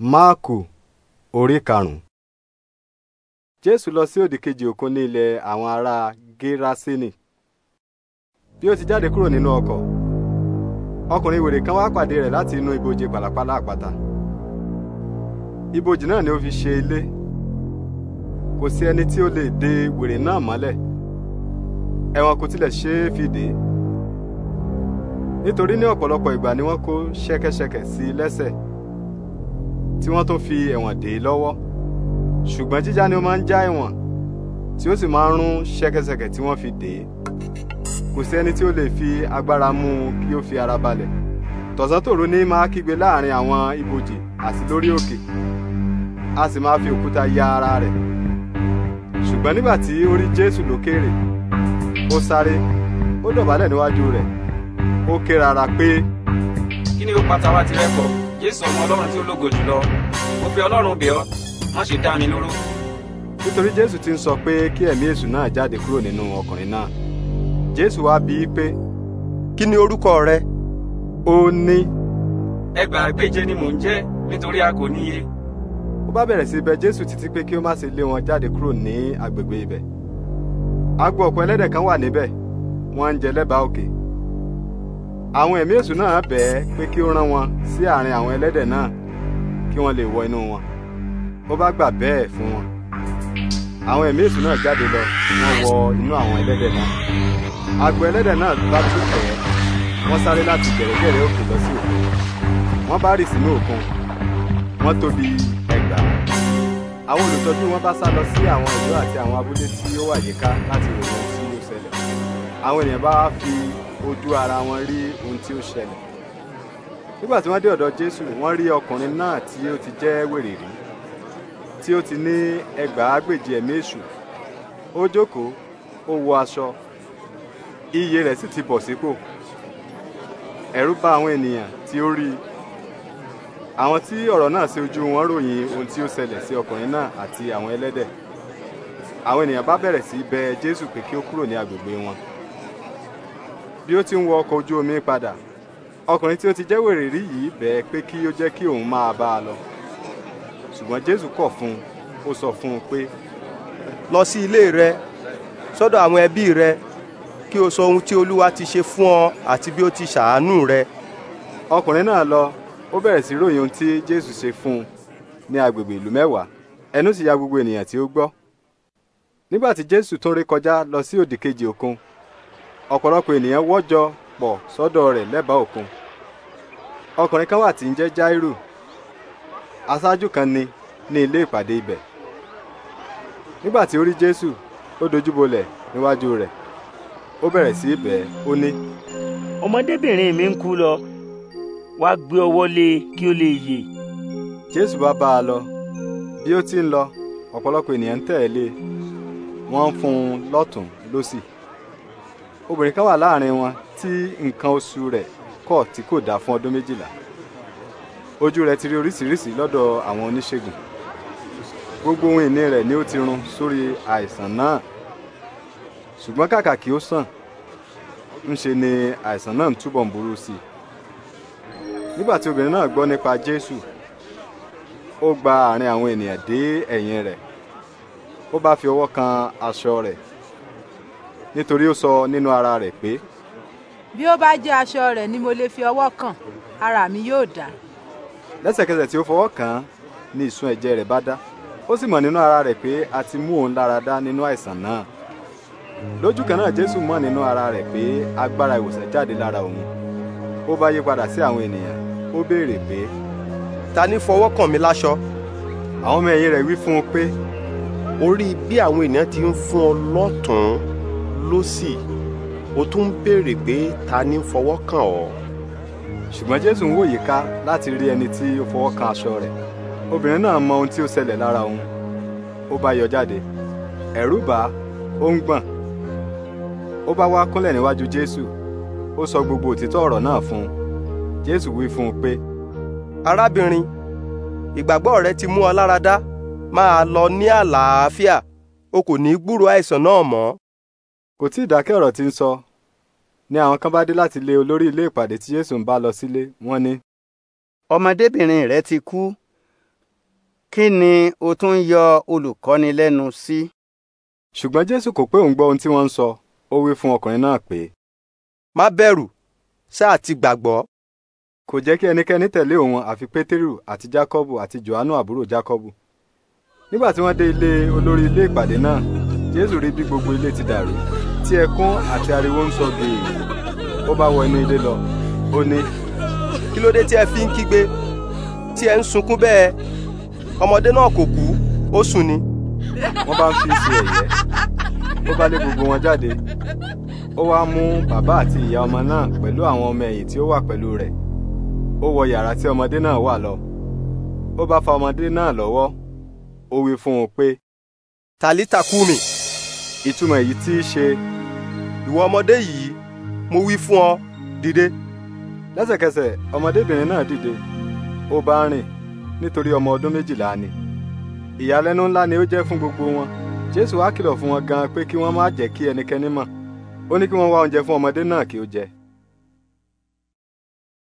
máàkù orí karùn-ún. jésù lọ sí òdìkejì òkun ní ilẹ̀ àwọn ará gérásínì bí ó ti jáde kúrò nínú ọkọ̀ ọkùnrin wèrè kan wá pàdé rẹ̀ láti inú ibojì pàlàpàlà àpáta ibojì náà ni ó fi ṣe ilé kò sí ẹni tí ó lè dè wèrè náà mọ́lẹ̀ ẹ̀wọ̀n kò tilẹ̀ ṣe é fìdí nítorí ní ọ̀pọ̀lọpọ̀ ìgbà ni wọ́n kó ṣẹ́kẹ́ṣẹkẹ̀ sí i lẹ́sẹ̀. tí wọ́n tún fi ẹ̀wọ̀n dè é lọ́wọ́ ṣùgbọ́n jíjá ni ó máa ń já ẹ̀wọ̀n tí ó sì máa ń rún ṣẹ̀kẹ̀ṣẹ̀kẹ̀ tí wọ́n fi dè é kò sí ẹni tí ó lè fi agbára mú un kí ó fi ara balẹ̀ tọ̀sán-tòru ní máa kígbe láàrin àwọn ibojì àti lórí òkè a sì máa fi òkúta ya ara rẹ̀ ṣùgbọ́n nígbà tí ó rí Jésù lókèrè ó sáré ó dọ̀bálẹ̀ níwájú rẹ̀ ó ké rara pé. kí ni ó pa tàwa tirẹ̀ kọ́ jésù ọmọ ọlọ́run tí ó lógo jùlọ mo fi ọlọ́run bẹ̀ ọ́ má ṣe dá mi lóró. nítorí jésù ti ń sọ pé kí ẹ̀mí èṣù náà jáde kúrò nínú ọkùnrin náà jésù wá bí i pé kí ni orúkọ rẹ ó ní. ẹgbàá péje ni mò ń jẹ́ nítorí a kò níye. ó bá bẹ̀rẹ̀ sí bẹ jésù títí pé kí ó má ṣe lé wọn jáde kúrò ní agbègbè ibẹ̀ agbo ọ̀pọ̀ ẹlẹ́dẹ̀ kan wà níbẹ̀ wọ́n ń jẹ lẹ́bàá òkè. Okay àwọn ẹ̀mí èṣù náà bẹ̀ ẹ́ pé kí ó rán wọn sí àárín àwọn ẹlẹ́dẹ̀ náà kí wọ́n lè wọ inú wọn ó bá gbà bẹ́ẹ̀ fún wọn àwọn ẹ̀mí èṣù náà jáde lọ wọ́n wọ inú àwọn ẹlẹ́dẹ̀ náà agbo ẹlẹ́dẹ̀ náà bá tún tẹ̀ ẹ́ wọ́n sáré láti gẹ̀rẹ́gẹ̀rẹ́ òkè lọ sí òkun wọ́n bá rì sínú òkun wọ́n tóbi ẹgbàá àwọn olùtọ́jú wọn bá sá lọ sí àwọn ìlú àti àwọn abúlé tí ó wà yíká láti wò wọn sí ó àwọn ènìyàn bá fi ojú ara wọn rí ohun tí ó ṣẹlẹ̀ nígbà tí wọ́n dé ọ̀dọ̀ jésù wọ́n rí ọkùnrin náà tí ó ti jẹ́ wèrè rí tí ó ti ní ẹgbàágbèje ẹ̀mí èṣù ó jókòó ó wọ aṣọ iyè rẹ̀ sì ti bọ̀ sípò ẹ̀rù bá àwọn ènìyàn tí ó rí i àwọn tí ọ̀rọ̀ náà ṣe ojú wọn ròyìn ohun tí ó ṣẹlẹ̀ sí ọkùnrin náà àti àwọn ẹlẹ́dẹ̀ àwọn ènìyàn bá bẹ̀rẹ̀ sí bẹ̀ jésù pé kí ó kúrò ní agbègbè wọn bí ó ti ń wọ ọkọ̀ ojú omi padà ọkùnrin tí ó ti jẹ́ wèrè rí yìí bẹ̀ẹ́ pé kí ó jẹ́ kí òun máa bá a lọ ṣùgbọ́n jésù kọ̀ fún un ó sọ fún un pé. lọ sí ilé rẹ sọ́dọ̀ àwọn ẹbí rẹ kí o sọ ohun tí olúwa ti ṣe fún ọ àti bí ó ti ṣàánú rẹ. ọkùnrin náà lọ ó bẹ̀rẹ̀ sí ròyìn ohun tí jésù ṣe fún un ní agbègbè ìlú mẹ́wàá ẹnu sì ya gbogbo ènìyàn tí ó gbọ́ nígbà tí jésù tún rékọjá lọ sí òdìkejì òkun ọ̀pọ̀lọpọ̀ ènìyàn wọ́jọ pọ̀ sọ́dọ̀ rẹ̀ lẹ́bàá òkun ọkùnrin kan wà tí ń jẹ́ Jáírù aṣáájú kan ni ní ilé ìpàdé ibẹ̀ nígbà tí ó rí Jésù ó dojúbolẹ̀ níwájú rẹ̀ ó bẹ̀rẹ̀ sí í bẹ̀ ẹ́ ó ní. ọmọdébìnrin mi ń kú lọ wá gbé ọwọ́ lé e kí ó lè yè. Jésù bá bá a lọ bí ó ti ń lọ ọ̀pọ̀lọpọ̀ ènìyàn ń tẹ̀lé e. wọ́n ń fún un lọ́tùn lósì obìnrin kan wà láàrin wọn tí nǹkan oṣù rẹ̀ kọ̀ tí kò dáa fún ọdún méjìlá ojú rẹ̀ ti rí oríṣiríṣi lọ́dọ̀ àwọn oníṣègùn gbogbo ohun ìní rẹ̀ ni ó ti run sórí àìsàn náà ṣùgbọ́n kàkà kí ó sàn ńṣe ni àìsàn náà ń túbọ̀ ń burú sí i nígbà tí obìnrin náà gbọ́ nípa Jésù ó gba àárín àwọn ènìyàn dé ẹ̀yìn rẹ̀ ó bá fi ọwọ́ kan aṣọ rẹ̀ nítorí ó sọ nínú ara rẹ̀ pé. bí ó bá jẹ́ aṣọ rẹ̀ ni mo lè fi ọwọ́ kàn ara mi yóò dá. lẹ́sẹ̀kẹsẹ̀ tí ó fọwọ́ kàn án ni ìsun ẹ̀jẹ̀ rẹ̀ bá dá ó sì mọ̀ nínú ara rẹ̀ pé a ti mú òun lára dá nínú àìsàn náà lójú kan náà jésù mọ̀ nínú ara rẹ̀ pé agbára ìwòsàn jáde lára òun ó bá yí padà sí àwọn ènìyàn ó béèrè pé. ta ni fọwọ́ kàn mí láṣọ. àwọn ọmọ ẹ̀yìn rẹ̀ wí fún un pé. orí bí àwọn ènìyàn ti ń fún ọ lọ́tùn-ún lósì o tún ń béèrè pé ta ni ń fọwọ́ kàn ọ́. ṣùgbọ́n jésù ń wò yíká láti rí ẹni tí ó fọwọ́ kan aṣọ rẹ̀ obìnrin náà mọ ohun tí ó ṣẹlẹ̀ lára òun ó bá yọ jáde ẹ̀rù bà ó ń gbọ̀n ó bá wá kúnlẹ̀ níwájú jésù ó sọ gbogbo òtítọ́ ọ̀rọ̀ náà fún un jésù wí fún un pé. arábìnrin ìgbàgbọ́ rẹ ti mú ọ lára dá máa lọ ní àlàáfíà o kò ní gbúròó àìsàn náà mọ́ kò tí ì dákẹ́ ọ̀rọ̀ tí ń sọ ni àwọn kan bá dé láti lé olórí ilé ìpàdé tí Jésù ń bá lọ sílé wọ́n ní. ọmọdébìnrin rẹ ti kú kí ni o tún yọ olùkọ́ni lẹ́nu sí. ṣùgbọ́n Jésù kò pé òun gbọ́ ohun tí wọ́n ń sọ ó wí fún ọkùnrin náà pé. má bẹ̀rù ṣáà ti gbàgbọ́. kò jẹ́ kí ẹnikẹ́ni tẹ̀lé òun àfi Pétérù àti Jákọ́bù àti Jòhánù àbúrò Jákọ́bù. nígbà tí wọ́n dé ilé olórí ilé ìpàdé náà Jésù rí bí gbogbo ilé ti dàrú tí ẹkún àti ariwo ń sọ gèè ó bá wọ inú ilé lọ ó ní. kí ló dé tí ẹ fi ń kígbe tí ẹ ń sunkún bẹ́ẹ̀ ọmọdé náà kò kú ó sùn ni. wọ́n bá ń fi ṣe ẹ̀yẹ́ ó bá lé gbogbo wọn jáde ó wá mú bàbá àti ìyá ọmọ náà pẹ̀lú àwọn ọmọ ẹ̀yìn tí ó wà pẹ̀lú rẹ̀ ó wọ yàrá tí ọmọdé náà wà lọ ó bá fa ọmọdé náà lọ́wọ́ ó wí fún un pé tàlítàkùmí ìtumọ̀ èyí tí í ṣe ìwọ ọmọdé yìí mo wí fún ọ dìde. lẹ́sẹ̀kẹsẹ̀ ọmọdébìnrin náà dìde ó bá rìn nítorí ọmọ ọdún méjìlá ni ìyàlẹ́nu ńlá ni ó jẹ́ fún gbogbo wọn jésù á kìlọ̀ fún wọn gan pé kí wọ́n má jẹ́ kí ẹnikẹ́ni mọ̀ ó ní kí wọ́n wá oúnjẹ fún ọmọdé náà kí ó jẹ